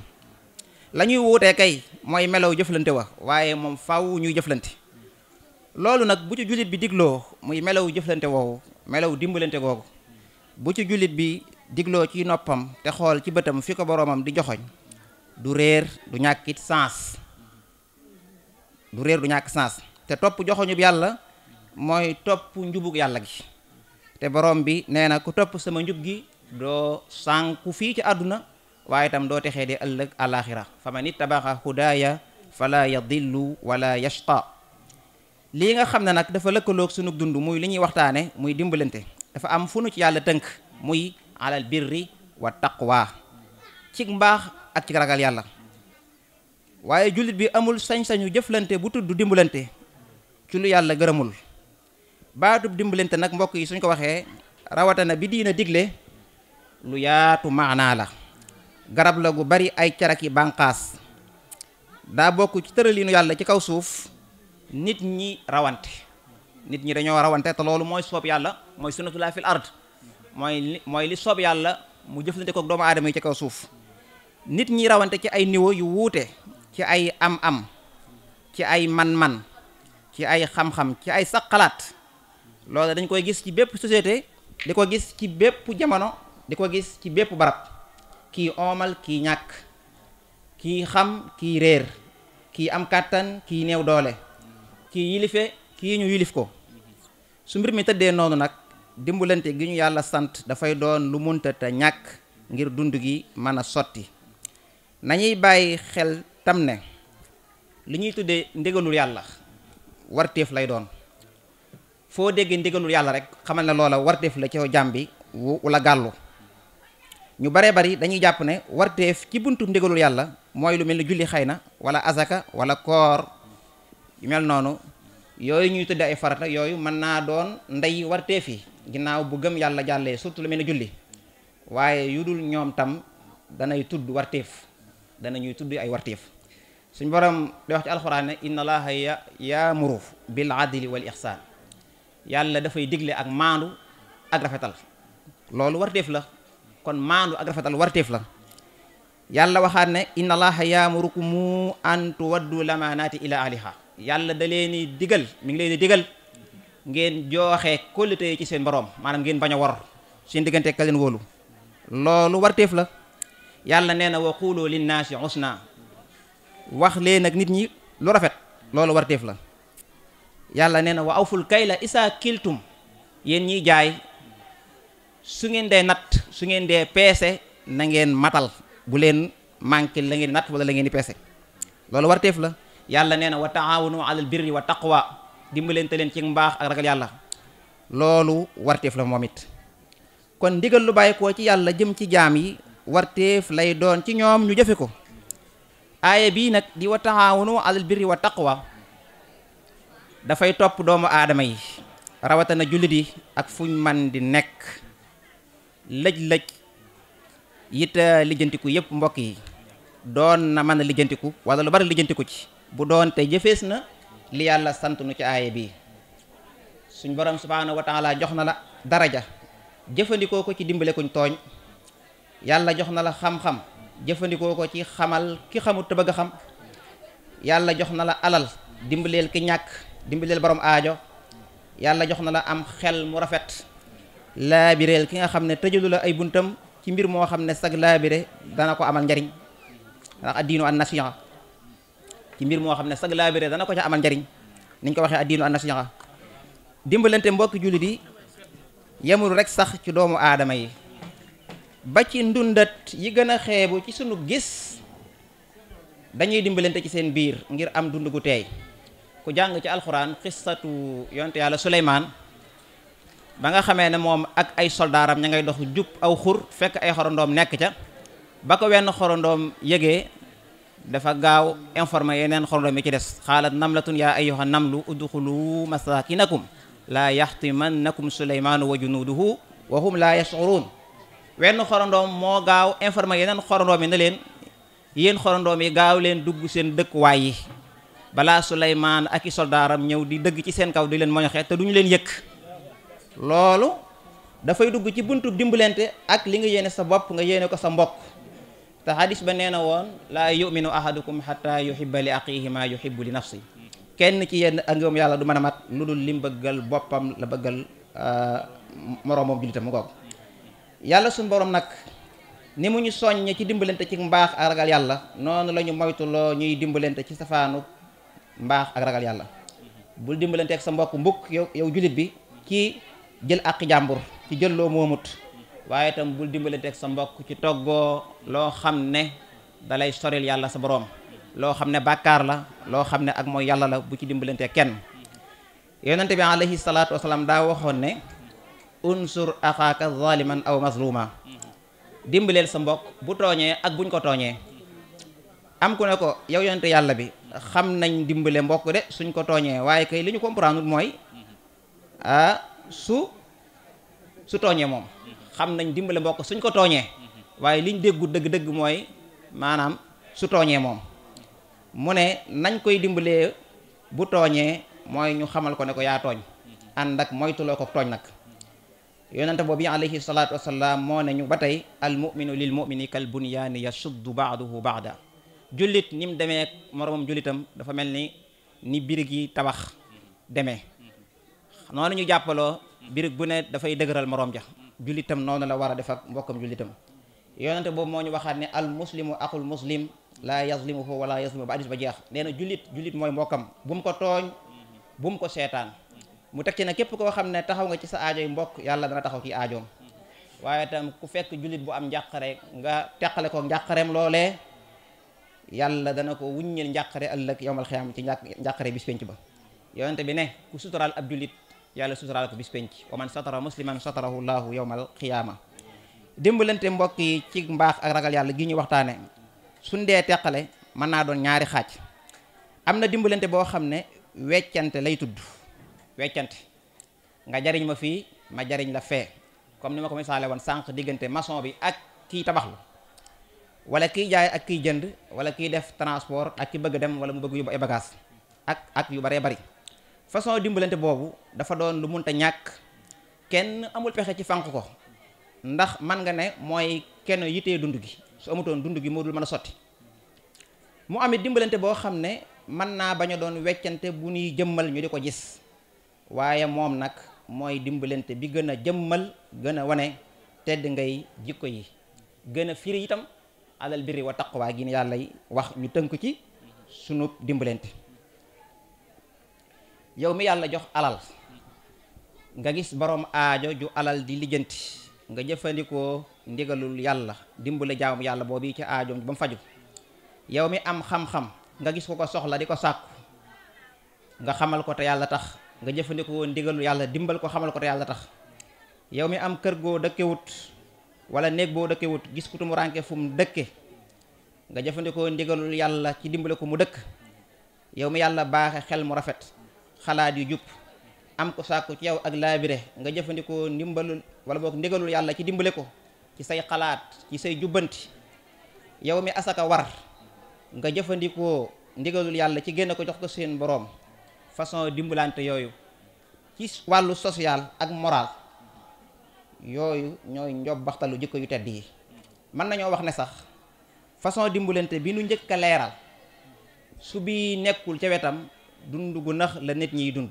S9: la ñuy wuutee kay mooy melaw jëflante wa waaye moom faw ñuy jëflante loolu nag bu ci jullit bi digloo muy melaw jëflante woowu melaw dimbalante googu bu ci jullit bi digloo ci noppam te xool ci bëtam fi ko boroomam di joxoñ du réer du ñàkkit sens du réer du ñàkk sens te topp joxoñub yàlla mooy topp njubug yàlla gi te borom bi nee na ku topp sama njub gi doo sànku fii ci àdduna waaye itam doo texee di ëllëg àlaxira fa man ittabaxa hudaaya fala yadillu wala yashqa lii nga xam ne nag dafa lëkkaloog sunu dund muy li ñuy waxtaane muy dimbalante dafa am fu nu ci yàlla tënk muy alal birri wa taqwa cig mbaax ak ci ragal yàlla waaye jullit bi amul sañ-sañu jëflante bu tudd dimbalante ci lu yàlla gërëmul baatub dimbalante nag mbokk yi suñ ko waxee rawatana bi diina digle lu yaatu maanaa la garab la gu bari ay carak yi bànqaas daa bokk ci tëraliinu yàlla ci kaw suuf nit ñi rawante nit ñi dañoo rawante te loolu mooy soob yàlla mooy sunnatulaa fil ard mooy mooy li soob yàlla mu jëflante kook doomu aadama yi ci kaw suuf nit ñi rawante ci ay niveau yu wuute ci ay am-am ci ay man-man ci ay xam-xam ci ay sax xalaat loolu dañ koy gis ci bépp société di ko gis ci bépp jamono di ko gis ci bépp barab kii oomal kii ñàkk kii xam kii réer kii am kàttan kii néew doole kii yilife kii ñu yilif ko su mbir mi tëddee noonu nag dimbalante gi ñu yàlla sant dafay doon lu munta te ñàkk ngir dund gi mën a sotti nañuy bàyyi xel tam ne li ñuy tuddee ndigalul yàlla warteef lay doon foo déggee ndigalul yàlla rek xamal na loola warteef la ci jaam bi wala gàllu ñu bare bari dañuy jàpp ne warteef ci buntu ndigalul yàlla mooy lu mel ni julli xëy na wala azaka wala koor mel noonu yooyu ñuy tuddee ay farata yooyu mën naa doon ndey warteef ginnaaw bu gëm yàlla jàllee surtout lu mel ni julli waaye yu dul ñoom tam danay tudd warteef danañuy tudd ay warteef suñ borom di wax ci alxuraan ne inna allaha ya yaamuru bil adli wal ihsaan yàlla dafay digle ak maandu ak rafetal loolu warteef la kon maandu ak rafetal warteef la yàlla waxaat ne inna allaha yaamurukum an tuwaddu lamaanaati ila ahliha yàlla da leen di digal mi ngi leen di digal ngeen jooxee kóllite yi ci seen borom maanaam ngeen bañ a war seen diggante ka leen wóolu loolu warteef la yàlla nee na wa linnaasi husna wax lee nag nit ñi lu rafet loolu warteef la yàlla nee na wa awful la isaa kiltum yéen ñiy jaay su ngeen dee natt su ngeen dee peese na ngeen matal bu leen manqué la ngeen nat wala la ngeen di peese loolu warteef la yàlla nee na wa taawanu alal birri wa taqwa dimbalante leen ci mbaax ak ragal yàlla loolu warteef la moom it kon ndigal lu bàyyi koo ci yàlla jëm ci jaam yi warteef lay doon ci ñoom ñu jëfe ko aaya bii nag di wa taawunu alal birri wa dafay topp doomu aadama yi rawatana jullit yi ak fuñ man di nekk lëj-lëj yita lijjantiku yëpp mbokk yi doon na mën a lijjantiku wala lu bari lijjantiku ci bu doon te jëfees na li yàlla sant nu ci aaya bii suñ borom subhaanahu wa jox na la daraja jëfandikoo ko ci dimbale kuñ tooñ yàlla jox na la xam-xam jëfandikoo ko ci xamal ki xamut te bëgg a xam yàlla jox na la alal dimbaleel ki ñàkk dimbaleel borom aajo yàlla jox na la am xel mu rafet laabireel ki nga xam ne tëjalu la ay buntam ci mbir moo xam ne sag laabire dana ko amal njariñ ndax addiinu an nasiha ci mbir moo xam ne sag laabire dana ko ca amal njariñ niñ ko waxee addiinu an nasiha dimbalante mbokki jullit yi yemul rek sax ci doomu aadama yi ba ci ndundat yi gën a xeebu ci sunu gis dañuy dimbalante ci seen biir ngir am dund gu teey ku jàng ci alxuraan xissatu yonte yàlla Suleymaan ba nga xamee ne moom ak ay soldaaram ña ngay dox jub aw xur fekk ay xorondoom nekk ca ba ko wenn xorondoom yëgee dafa gaaw informe yeneen xorondoom yi ci des xaalat namlatun yaa ayyuha namlu udxulu masakinakum laa yaxtimannakum Suleymaanu wa junuuduhu wa hum laa yashcuruun wenn xorandoom moo gaaw informé yeneen xorandoom yi na leen yéen xorandoom yi gaaw leen dugg seen dëkkuwaay yi balaa Suleymaan ak i soldaaram ñëw di dëgg ci seen kaw di leen moñoxee te duñu leen yëkk loolu dafay dugg ci buntu dimbalante ak li nga yéene sa bopp nga yéene ko sa mbokk te hadis ba nee na woon laa yuminu ahadukum xata yuhibba li axihi maa yuhibbu li nafsi kenn ci yenn ak ngëm yàlla du mën a mat lu dul lim bëggal boppam la bëggal euh, moroomam jullitam mu ngoog yàlla suñu borom nag ni mu ñu soññ ci dimbalante ci mbaax ak ragal yàlla noonu la ñu moytuloo ñuy dimbalante ci safaanu mbaax ak ragal yàlla bul dimbalante ak sa mbokk mbukk yow yow jullit bi ci jël àq jàmbur ci jël loo moomut waaye itam bul dimbalante ak sa mbokk ci toggoo loo xam ne dalay soril yàlla sa boroom loo xam ne bàkkaar la loo xam ne ak mooy yàlla la bu ci dimbalante kenn yonente bi alayhi salaatu wasalaam daa waxoon ne unsur axaaka zaliman aw mazluma dimbaleel sa mbokk bu tooñee ak buñ ko tooñee am ku ne ko yow yonent yàlla bi xam nañ dimbale mbokk de suñ ko tooñee waaye kay li ñu comprendre mooy ah su su tooñee moom xam nañ dimbale mbokk suñ ko tooñee waaye liñ déggu dëgg-dëgg mooy maanaam su tooñee moom mu ne nañ koy dimbalee bu tooñee mooy ñu xamal ko ne ko yaa tooñ ànd ak moytuloo ko tooñ nag yonente boobu alayhi salaatu wasalaam moo ne ñu ba tey al muminu lil mumini kal bunyaani yasuddu baaduhu baada jullit ni mu demee moromam jullitam dafa mel ni ni birig yi tabax demee noonu ñu jàppaloo birig bu ne dafay dëgëral moroom ja jullitam noonu la war a def mbokkam jullitam yoonante boobu moo ñu waxaat ne al akul aqul muslim laa yazlimuhu wala yazlimu ba addis ba jeex nee na jullit jullit mooy mbokkam bu mu ko tooñ bu mu ko seetaan mu teg ci nag képp koo xam ne taxaw nga ci sa aajo yi mbokk yàlla dana taxaw ci aajoom waaye tam ku fekk jullit bu am njàqare nga teqale ko njàqareem loolee yàlla dana ko wuññil njàqare ëllëg yowmal xiyaam ci njàqare bis penc ba yonente bi ne ku suturaal ab jullit yàlla suturaal ko bis penc wa man satara musliman satarahu llahu yowmal xiyaama dimbalante mbokk yi ci mbaax ak ragal yàlla gi ñuy waxtaane suñ dee teqale mën naa doon ñaari xaaj am na dimbalante boo xam ne weccante lay tudd weccante nga jariñ ma fii ma jariñ la fee comme ni ma ko misaale woon sànq diggante maçon bi ak kii tabaxlu wala kiy jaay ak kiy jënd wala kiy def transport ak ki bëgg dem wala mu bëgg yóbbu ay bagage ak ak yu baree bari façon dimbalante boobu dafa doon lu munta ñàkk kenn amul pexe ci fànq ko ndax man nga ne mooy kenn yitee dund gi su amutoon dund gi moo dul mën a sotti mu amit dimbalante boo xam ne mën naa bañ doon weccante bu ñuy jëmmal ñu di ko gis waaye moom nag mooy dimbalante bi gën a jëmmal gën a wane tedd ngay jikko yi gën a firi itam alal birri wa taqwa gi ni yàlla wax ñu tënk ci sunu dimbalante yow mi yàlla jox alal nga gis boroom aajo ju alal di lijjanti nga jëfandikoo ndigalul yàlla dimbale jaamu yàlla boobu ci aajoom ba mu faju yow mi am xam-xam nga gis ko ko soxla di ko sàkku nga xamal ko te yàlla tax nga jëfandikoo ndigalu yàlla dimbal ko xamal ko te yàlla tax yow mi am kër goo dëkkewut wala néeg boo dëkkewut gis ku mu rànke fu mu dëkke nga jëfandikoo ndigalul yàlla ci dimbale ko mu dëkk yow mi yàlla baaxe xel mu rafet xalaat yu jub am ko ci yow ak laabire nga jëfandikoo ndimbalul wala boog ndigalul yàlla ci dimbale ko ci say xalaat ci say jubbanti yow mi asaka war nga jëfandikoo ndigalul yàlla ci génn ko jox ko seen boroom façon dimbalante yooyu ci wàllu social ak moral yooyu ñooy njob baxtalu jikko yu tedd yi mën nañoo wax ne sax façon dimbalante bi nu njëkk a leeral su bi nekkul ca wetam dund gu nax la nit ñiy dund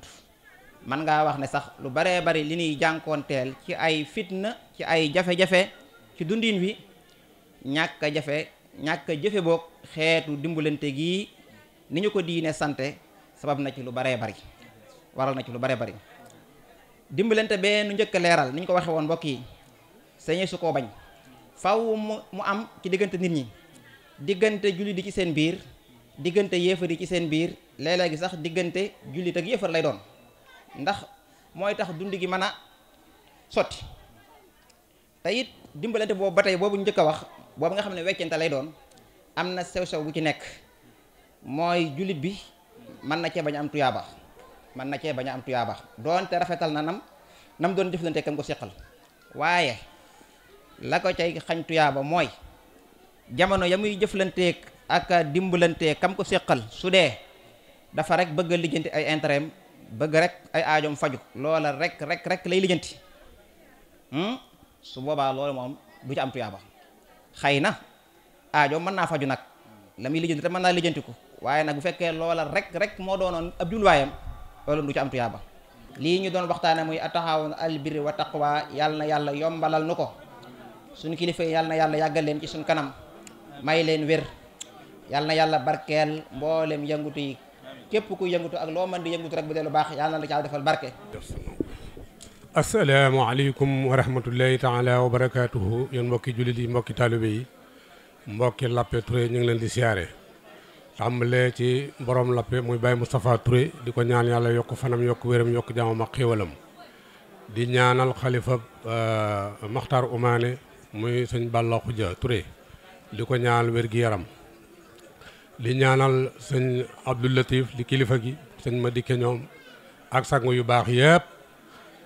S9: mën ngaa wax ne sax lu baree bari li ñuy jànkoonteel ci ay fitna ci ay jafe-jafe ci dundin wi ñàkk jafe ñàkk a jëfe boog xeetu dimbalante gii ni ñu ko diine sante sabab na ci lu baree bari waral na ci lu bare bari dimbalante bee nu njëkk leeral ni ñu ko waxe woon mbokk yi sañee su koo bañ faw mu mu am ci diggante nit ñi diggante jullit di ci seen biir diggante yéefar yi ci seen biir léeg-léeg gi sax diggante jullit ak yéefar lay doon ndax mooy tax dund gi mën a sotti te it dimbalante boobu ba tey boobu njëkk a wax boobu nga xam ne weccante lay doon am na sew-sew bu ci nekk mooy jullit bi mën na cee bañ a am tuyaaba mën na cee bañ a am tuyaaba doonte rafetal na nam nam doon jëflante kam ko seqal waaye la ko cay xañ tuyaaba mooy jamono ya muy jëflanteeg ak dimbalante kam ko seqal su dee dafa rek bëgg a lijjanti ay intérêt bëgg rek ay aajoom faju loola rek rek rek lay lijjanti hmm? su boobaa loolu moom du ci am tuyaaba xëy na aajoom mën naa faju nag la muy lijjanti te mën naa lijjanti ko waaye nag bu fekkee loola rek rek moo doonoon ab jubluwaayam loolu du ci am tuyaaba lii ñu doon waxtaane muy ataxawoon albirri wa taqwa yàlla na yàlla yombalal nu ko suñu kilifa yi yàlla yàlla yàggal leen ci suñu kanam may leen wér yàlla yàlla barkeel mboolem yëngutu yi képp ku yëngutu ak loo mën di yëngutu rek bu dee lu baax yàlla na la defal barke
S10: asalaamaaleykum wa rahmatullahi taala wa barakaatuhu yéen mbokki jullit yi mbokki taalibe yi mbokki Lappé Touré ngi leen di siyaare tàmbalee ci borom lappe muy Baye Moustapha Touré di ko ñaan yàlla yokk fanam yokk wéram yokk jàmmam ak xéwalam di ñaanal xalifa euh, Maxtaar Umaane muy sëñ Balla Xuja Touré di ko ñaanal wér gi yaram di ñaanal sëñ Abdou di kilifa gi sëñ ma dikke ñoom ak sangu yu baax yëpp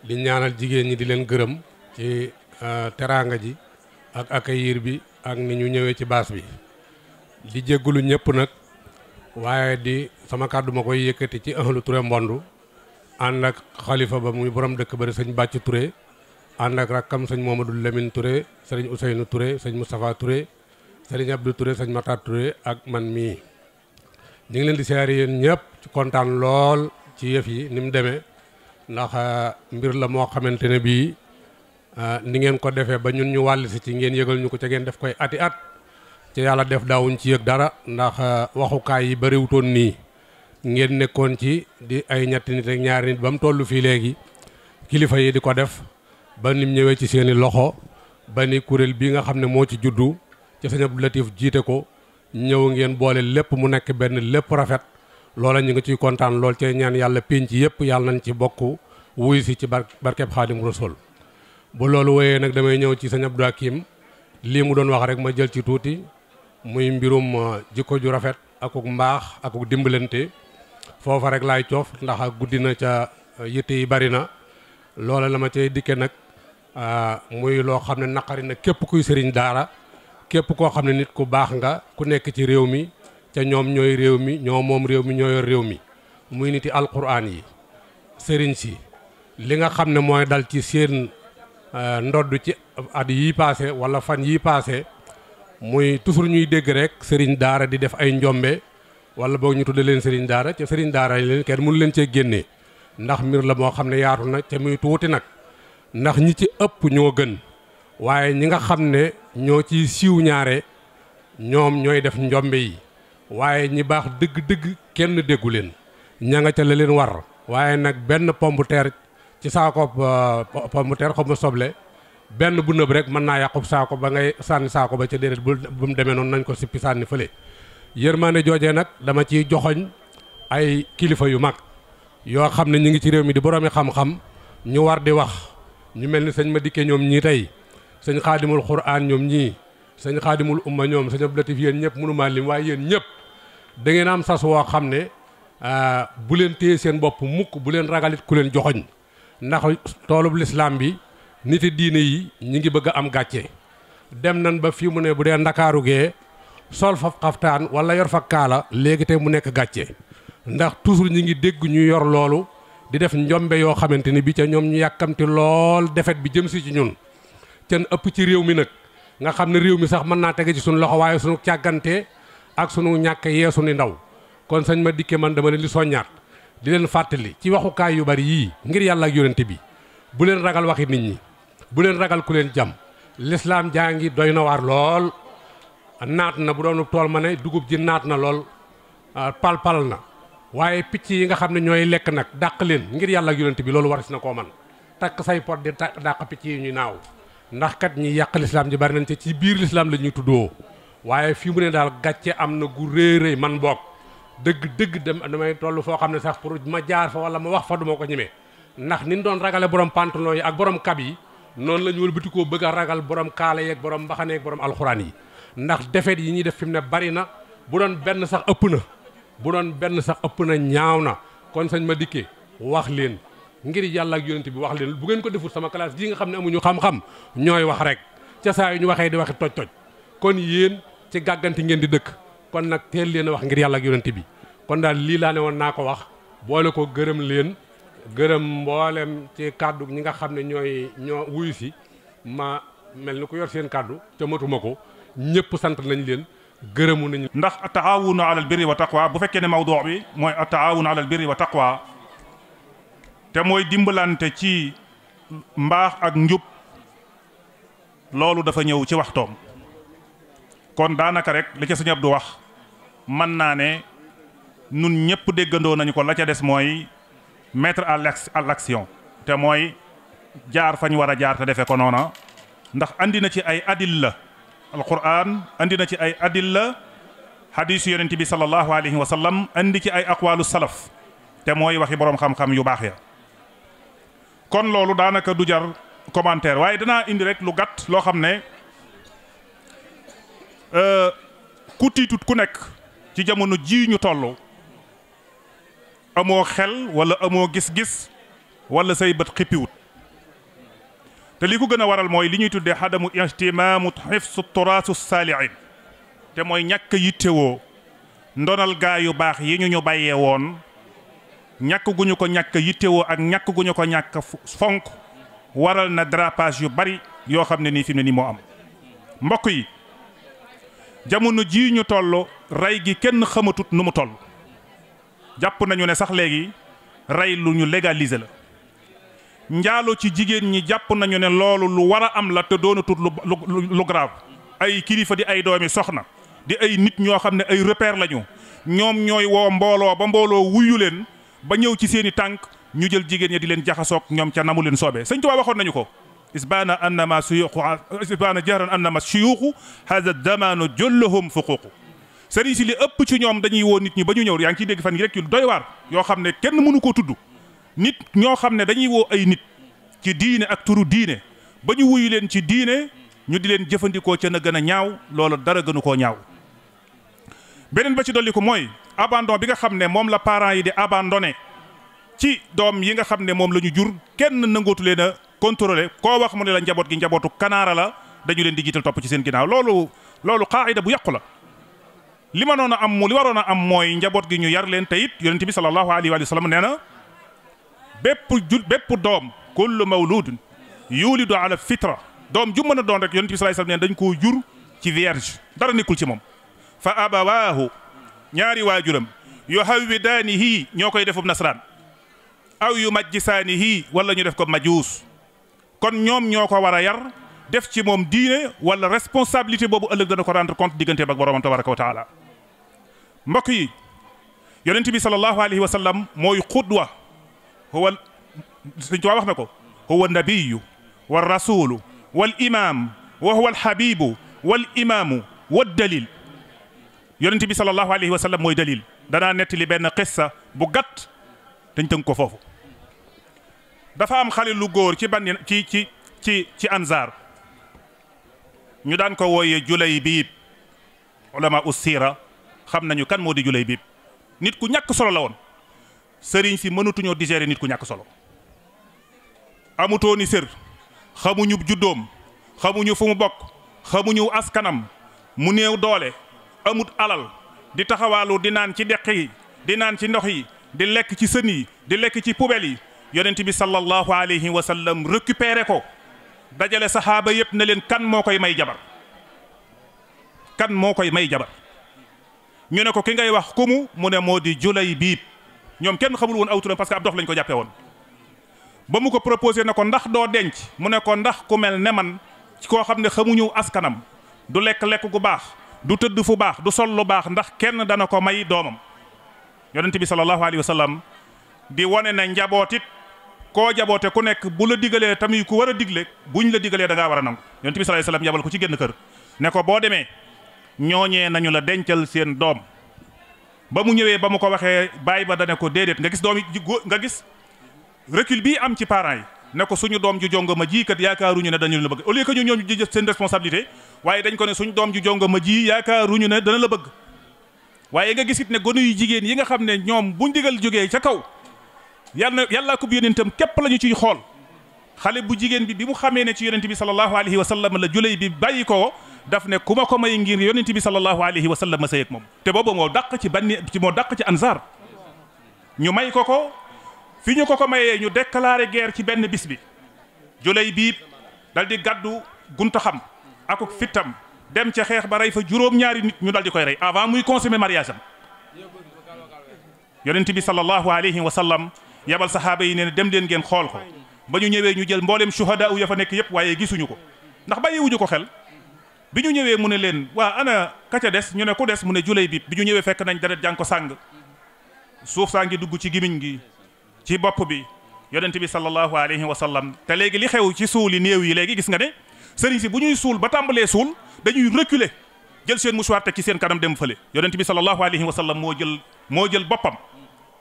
S10: di ñaanal jigéen ñi di leen gërëm ci euh, teraanga ji ak accueil bi ak ni ñu ñëwee ci baas bi di jéggulu ñëpp nag waaye di sama kàddu ma koy yëkkati ci ahlu Touré Mbondu ànd ak xalifa ba muy borom dëkk bari sañ Bàcc Touré ànd ak rakkam sëñ Momadou Lamine Touré sëriñ Ousseynou sañ sëñ Moustapha Touré sëriñ Abdou Touré sañ Matar Touré ak man mii. ñu ngi leen di siyaare yéen ñëpp ci kontaan lool ci yëf yi ni mu demee ndax euh, mbir la moo xamante ne bii euh, ni ngeen ko defee ba ñun ñu wàll si ci ngeen yëgal ñu ko ca ngeen def koy ati at. ci yàlla def daawuñ ci yëg dara ndax euh, waxukaay yi bariwutoon nii ngeen nekkoon ci di ay ñetti nit ak ñaari nit ba mu toll fii léegi kilifa yi di ko def ba nim ñëwee ci seeni loxo ba ni kuréel bii nga xam ne moo ci juddu ci sëñ Abdou jiite ko ñëw ngeen boole lépp mu nekk benn lépp rafet loola ñu ngi ciy kontaan lool cee ñaan yàlla pénc yëpp yàlla nañ ci bokk wuyu si ci barkeb Xaadim Rasul bu loolu wéyee nag damay ñëw ci sëñ Abdou Hakim lii mu doon wax rek ma jël ci tuuti muy mbirum uh, jikko ju rafet akuk mbaax akuk dimbalante foofa rek laay coof ndax guddi na ca uh, yitte yi bari na loole la ma cay dikke nag uh, muy loo xam ne naqari na képp kuy sëriñ daara képp koo xam ne nit ku baax nga ku nekk ci réew mi ca ñoom ñooy réew mi ñoo moom réew mi ñoo réew mi muy niti alquran yi sëriñ si li nga xam ne mooy dal ci seen ndodd ci at yii paase wala fan yii paase muy toujours ñuy dégg rek sëriñ daara di def ay njombe wala boog ñu tudde leen sëriñ daara ca sëriñ daara yi leen kenn mënu leen cee génnee ndax mbir la moo xam ne yaatu na ca muy tuuti nag ndax ñi ci ëpp ñoo gën waaye ñi nga xam ne ñoo ciy siiw ñaare ñoom ñooy def njombe yi waaye ñi baax digg digg kenn déggu leen ña nga ca la leen war waaye nag benn pomme de terre ci saako euh, pomme de terre xaw ma soble benn bu nëb rek mën naa yàqu saako ba ngay sànni saako ba ca déedéet bu mu demee noonu nañ ko sippi sànni fële yërmaane joojee nag dama ciy joxoñ ay kilifa yu mag yoo xam ne ñu ngi ci réew mi di boroomi xam-xam ñu war di wax ñu mel ni sëñ ma dikke ñoom ñii tey sëñ xaadimul xuraan ñoom ñii sëñ xaadimul umma ñoom sëñ Abdou Latif yéen ñëpp mënumaa lim waaye yéen ñëpp da ngeen am sas woo xam ne euh, bu leen téye seen bopp mukk bu leen ragalit ku leen joxoñ ndax toolub lislaam bi niti diine yi ñi ngi bëgg a am gàcce dem nan ba fii mu ne bu dee ndakaaru gee sol fa xaftaan wala yor fa kaala léegi tey mu nekk gàcce ndax toujours ñi ngi dégg ñu yor loolu di def njombe yoo xamante ni bi ca ñoom ñu yàkkamti lool defet bi jëm si ci ñun cën ëpp ci réew mi nag nga xam ne réew mi sax mën naa tege ci suñu loxo waaye suñu càggante ak sunu ñàkk yeesu suñu ndaw kon sañ ma dikke man dama leen di soññaat di leen fàttali ci waxukaay yu bari yii ngir yàlla ak yonente bi bu leen ragal waxi nit ñi bu leen ragal ku leen jam lislaam jaa ngi doy na waar lool naat na bu doonu tool ma ne dugub ji naat na lool palpal ah, na waaye picc yi nga xam ne ñooy lekk nag dàq leen ngir yàlla ak yonent bi loolu war si na koo man takk say pot di dàq picc yi ñuy naaw ndax kat ñi yàq lislaam ji bari nañ te ci biir lislaam la ñuy tuddoo waaye fi mu ne daal gàcce am na gu rëy rëy man boog dëgg dëgg damay toll foo xam ne sax pour ma jaar fa wala ma wax fa duma ko ñemee ndax ni doon ragale borom pantalon yi ak borom kab yi noonu la ñu wëlbatikoo bëgg a ragal borom kaala yeeg borom mbaxane yeeg borom alxuraan yi ndax defet yi ñuy def fi mu ne bari na bu doon benn sax ëpp na bu doon benn sax ëpp na ñaaw na kon sëñ ma dikke wax leen ngir yàlla ak yonent bi wax leen bu ngeen ko deful sama classe yi nga xam ne amuñu xam-xam ñooy wax rek ca saa yu ñu waxee di waxi toj-toj kon yéen ci gàgganti ngeen di dëkk kon nag teel leen a wax ngir yàlla ak bi kon daal lii laa ne woon naa ko wax boole ko gërëm leen. gërëm mboolem ci kàddu ñi nga xam ne ñooy ñoo wuyu si ma mel ni ku yor seen kàddu te matuma ko ñëpp sant nañ leen gërëmu nañ ndax a
S11: taawunu alal birri wa taqwa bu fekkee ne mawduu bi mooy a taawunu alal birri wa taqwa te mooy dimbalante ci mbaax ak njub loolu dafa ñëw ci waxtoom kon daanaka rek li ca sëñ Abdu wax mën naa ne nun ñëpp déggandoo nañu ko la ca des mooy mettre à l'action te mooy jaar fañ war a jaar te defe ko noona ndax andi na ci ay adilla alquran andi na ci ay adilla hadisu yonent bi sallallahu alayhi wa sallam andi ci ay aqwalu salaf te mooy waxi boroom xam-xam yu baax ya kon loolu daanaka du jar commentaire waaye danaa indi rek lu gàtt loo xam ne euh, ku tiitut ku nekk ci jamono ji ñu toll amoo xel wala amoo gis-gis walla say bët xippiwut te li ko gën a waral mooy li ñuy tuddee xadamu ihtimaamu xifsu turaasu saalihin te mooy ñàkk yittewoo ndonal gaa yu baax yi ñu ñu bàyyee woon ñàkk gu ñu ko ñàkk yittewoo ak ñàkk ko ñàkk fonk waral na drapage yu bari yoo xam ne nii fi moo am mbokk yi jamono jii ñu toll ray gi kenn xamatut nu mu toll jàpp nañu ne sax léegi rey lu ñu légaliser la njaalo ci jigéen ñi jàpp nañu ne loolu lu war a am la te doonatut lu lu ay kilifa di ay doomi soxna di ay nit ñoo xam ne ay repère lañu ñoom ñooy woo mbooloo ba mbooloo wuyu leen ba ñëw ci seeni tànk ñu jël jigéen ñi di leen jaxasoog ñoom ca namu leen soobee sëñ Tuubaa waxoon nañu ko isbaana annama suyuqu isbaana jahran annama suyuqu hada damanu jollohum fuququ sëriñ li ëpp ci ñoom dañuy woo nit ñi ba ñu ñëw yaa ngi ciy dégg fan yi rek yu doy waar yoo xam ne kenn mënu koo tudd nit ñoo xam ne dañuy woo ay nit ci diine ak turu diine ba ñu wuyu leen ci diine ñu di leen jëfandikoo ca na gën a ñaaw loolu dara gënu koo ñaaw beneen ba ci dolli ko mooy abandon bi nga xam ne moom la parents yi di abandonné ci doom yi nga xam ne moom la ñu jur kenn nangootu leen a contrôlé koo wax mu ne la njaboot gi njabootu kanaara la dañu leen di jiital topp ci seen ginnaaw loolu loolu qaayida bu yàqu la li ma noon a am mu waroon a am mooy njaboot gi ñu yar leen te it yonent bi sallallahu alayhi wa sallam nee na bépp ju bépp doom kullu mawludun yulidu ala fitra doom ju mën a doon rek yonent bi sallallahu alayhi wa sallam dañ koo jur ci vierge dara nekkul ci moom fa aba abawaahu ñaari waajuram yu hawwidaanihi ñoo koy defub nasraan aw yu majjisaanihi wala ñu def ko majuus kon ñoom ñoo ko war a yar def ci moom diine wala responsabilité boobu ëllëg dana ko rendre compte diggante ak mbokk yi yonent bi sallallahu alayhi wa mooy xudwa huwa Sëñ Tuubaa wax na ko huwa nabiyu wa rasulu wal imaam wa huwa alxabibu wal imaamu wa dalil yonent bi sallallahu alayhi wa sallam mooy dalil danaa li benn xissa bu gàtt dañ tënk ko foofu dafa am xale lu góor ci ban ci ci ci ci ansaar ñu daan ko wooye julay ulama u xam nañu kan moo di julay biib nit ku ñàkk solo la woon sëriñ si mënatuñoo digérer nit ku ñàkk solo amutoo amutooni sër xamuñu juddoom xamuñu fu mu bokk xamuñu askanam mu néew doole amut alal di taxawaalu di naan ci deq yi di naan ci ndox yi di lekk ci sën yi di lekk ci poubelle yi yonent bi sallallahu alayhi wa sallam récupéré ko dajale saxaaba yépp na leen kan moo koy may jabar kan moo koy may jabar ñu ne ko ki ngay wax kumu mu ne moo di julay biib ñoom kenn xamul woon aw turam parce que ab dof lañ ko jàppee woon ba mu ko proposé na ko ndax doo denc mu ne ko ndax ku ne man koo xam ne xamuñu askanam du lekk lekk gu baax du tëdd fu baax du sol lu baax ndax kenn dana ko may doomam yonent bi sallallahu alayhi wa sallam di wane ne njabootit koo jaboote ku nekk bu la digalee tamit ku war a digle buñ la digalee danga ngaa war a nangu yonent bi sallallahu alayhi wa ko ci génn kër ne ko boo demee ñooñee nañu la dencal seen doom ba mu ñëwee ba mu ko waxee bàyyi ba dane ko déedéet nga gis doom yi nga gis recul bi am ci parents yi ne ko suñu doom ju jongo ma ji kat yaakaaruñu ne dañu la bëgg au lieu que ñu ñoom ji seen responsabilité waaye dañ suñu doom ju jongo ji yaakaaruñu ne dana la bëgg waaye nga gis ne gonu yu jigéen yi nga xam ne ñoom bu digal jógee ca kaw yàlla yàllaa ko bu yonentam képp lañu ñu ciy xool xale bu jigéen bi bi mu xamee ne ci yonent bi sallallahu alayhi wa sallam la juley bi bàyyi ko daf ne ku ma ko may ngir yonent bi sallallahu alayhi wa sallam ma sëy ak moom te boobu moo dàq ci banni ci moo dàq ci ansaar ñu may ko ko fi ñu ko ko mayee ñu dekkalaare guerre ci benn bis bi julay biib dal di gàddu gunta xam akuk fittam dem ca xeex ba rey fa juróom-ñaari nit ñu dal di koy rey avant muy consommer mariage am yonent bi sallallahu alayhi wa sallam yabal saxaaba yi ne dem leen ngeen xool ko ba ñu ñëwee ñu jël mbooleem shuhada ya fa nekk yépp waaye gisuñu ko ndax bàyyiwuñu ko xel bi ñu ñëwee mu ne leen waa ana ka des ñu ne ko des mu ne julay bi bi ñu ñëwee fekk nañ deret jàng ko sàng suuf saa ngi dugg ci gimiñ gi ci bopp bi yonent bi sallallahu alayhi wa sallam te léegi li xew ci suuli néew yi léegi gis nga ne sëriñ si bu ñuy suul ba tàmbalee suul dañuy reculer jël seen mouchoir teg ci seen kanam dem fële yonent bi sallallahu alayhi wa sallam moo jël moo jël boppam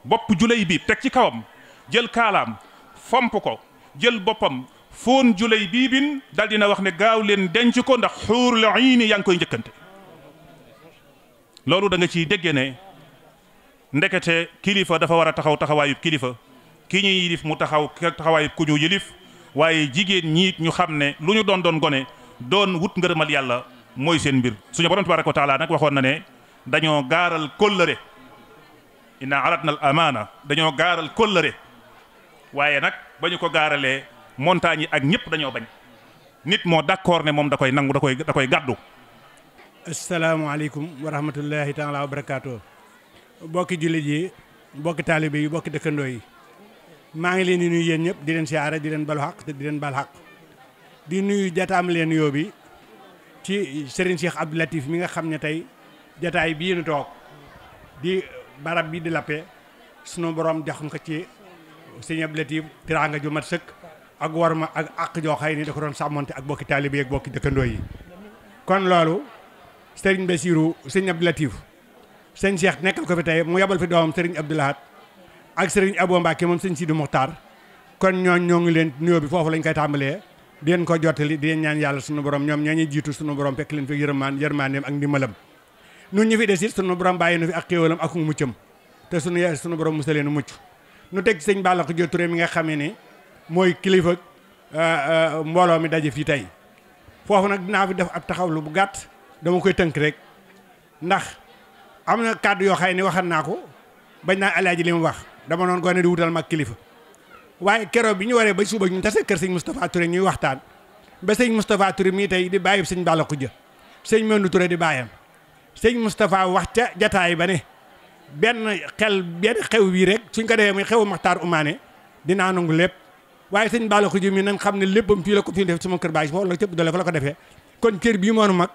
S11: bopp julay bi teg ci kawam jël kaalaam fomp ko jël boppam foon julay bii bin dal wax ne gaaw leen denc ko ndax xuur la iini yaa ngi koy njëkkante loolu danga nga ciy déggee ne ndekete kilifa dafa war a taxaw taxawaayub kilifa ki ñu yilif mu taxaw taxawaayub ku ñu yilif waaye jigéen ñiit ñu xam ne lu ñu doon doon gone doon wut ngërëmal yàlla mooy seen mbir suñu borom tabaraka wa taala nag waxoon na ne dañoo gaaral kóllëre inna aratna al amaana dañoo gaaral kóllëre waaye nag ba ñu ko gaaralee montagne yi ak ñëpp dañoo bañ nit moo d'accord ne moom da koy nangu da koy da koy gàddu.
S2: asalaamaaleykum wa rahmatullahi taala wa barakaatu. bokki jullit yi bokki taalibe yi bokki dëkkandoo yi maa ngi leen di nuyu yéen ñëpp di leen siyaare di leen balu xaq te di leen bal xaq di nuyu jataam leen yoo bi ci Serigne Cheikh Abdou mi nga xam ne tey jataay bii nu toog di barab bii di lappe sunu borom jox ko ci Serigne Abdou nga tiraanga ju sëkk. ak war ma ak àq joo xay ni da ko doon sàmmonte ak bokki taalibe yi ak bokki dëkkandoo yi kon loolu sëriñ Bassirou sëriñ Abdou Latif sëriñ Cheikh nekkal ko fi tey mu yabal fi doomam sëriñ Abdou Lahat ak sëriñ Abou Mbacke moom sëriñ Sidou Mokhtar kon ñooñ ñoo ngi leen nuyoo bi foofu lañ koy tàmbalee di leen ko jottali di leen ñaan yàlla sunu borom ñoom ñoo ñu jiitu sunu borom fekk leen fi yërmaan yërmaaneem ak ndimbalam nun ñu fi des it sunu borom bàyyi nu fi ak xéewalam ak muccam te sunu sunu mucc nu teg sëñ Balla ko joturé mi nga xamee ni mooy kilifa euh, euh, mbooloo mi daje fii tey foofu nag dinaa fi def ak taxaw lu bu gàtt dama koy tënk rek ndax am na kàddu yoo xam ne waxan naa ko bañ naa alaaji li mu wax dama noon gone di wutal mag kilifa waaye keroog bi ñu waree ba suba ñu tase kër sëñ Moustapha Touré ñuy waxtaan ba sëñ Moustapha Touré mii tey di bàyyi sëñ Balla Khoudia sëñ Mendu Touré di bàyyam sëñ Moustapha wax ca jataay ba ne benn xel benn xew bii rek suñ ko defee muy xewu Maxtaar Umaane dinaa nangu lépp waaye sëñ Balla Xujum mi nañ xam ne léppam fii la ko fii def sama kër bàyyi si ko defee kon cër bii moonu mag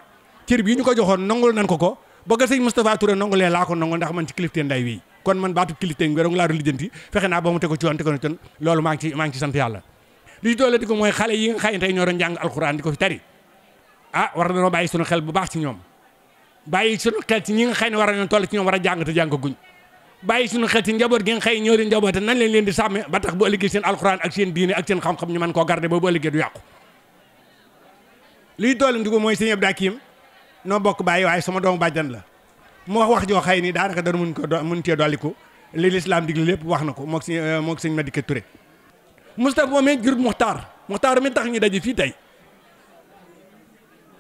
S2: cër bii ñu ko joxoon nangul nan ko ko ba ga sëñ Moustapha Touré nangulee laa ko nangul ndax man ci kilifteen day wii kon man baatu kilifteen wéronga laa du lijjanti fexe naa ba mu te ko ci woon te ko ton loolu maa ngi ci maa ngi ci sant yàlla li doole di ko mooy xale yi nga xay tey ñoo doon jàng alxuraan di ko fi tari ah war xel bu baax ci ñoom bàyyi sunu nga xëy ne war nañoo toll ci ñoom a jàng te bàyyi suñu xel ci njaboot gi nga xëy ñoori njaboot nan leen leen di sàmme ba tax bu ëllëgee seen alxuraan ak seen diine ak seen xam-xam ñu mën koo garder ba bu ëllëgee du yàqu liy toll ndigu noo bokk bàyyi waaye sama doomu bàjjan la mu wax joo xëy ni daanaka dara mun ko mun cee dolliku li lislaam digle lépp wax na ko moog sëñ euh, moog sëñ Madické Touré Moustapha moomee jur Muxtaar Muxtaar mi tax ñu daje fii tey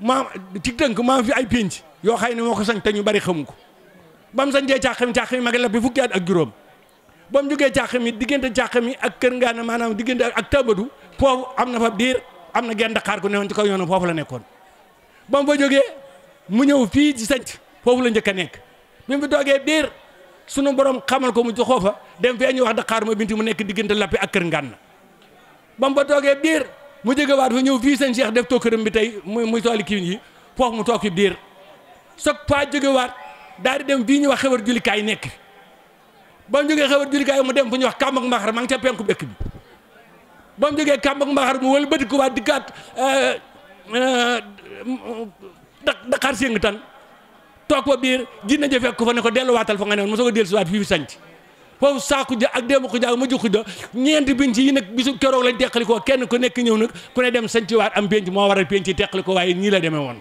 S2: maam ci tënk maam fi ay pénc yoo xëy ne moo ko sañ te ñu bari xamu ko ba mu sañcee càqami càqami ma mag la bi fukki ak juróom ba mu càq mi diggante mi ak kër ngaana maanaam diggante ak tàmbadu foofu am na fa diir am na genn daqaar ku newoon ci yoonu foofu la nekkoon ba mu fa jógee mu ñëw fii ci sanc foofu la njëkk a nekk bi mu fi toogee diir sunu borom xamal ko mu joxoo fa dem fee ñuy wax daqaar ma binti mu nekk diggante lappi ak kër ngaana ba mu fa toogee diir mu jógewaat fa ñëw fii sëñ Cheikh def too këram bi tey muy muy tooli kii yi mu toog fi diir soog daal di dem bii ñu wax xewar julikaay nekk ba mu jógee xewar julikaay mu dem fu ñuy wax kàmm ak maxar ma ngi ca penku bekk bi ba mu jógee kàmm ak maxar mu wëlbati ko waa dikkaat da euh, euh, daqaar tan toog fa biir jinne ja fekk ko fa ne ko delluwaatal fa nga newoon ma soog a dellusiwaat fii fi sanc foofu saaku ja ak déema ko jaag ma juxu ja ñeenti binc yi nag bisu keroog lañ teqali koo kenn ku nekk ñëw nag ku ne dem sanciwaat am penc moo waral penc yi teqali ko waaye nii la demee woon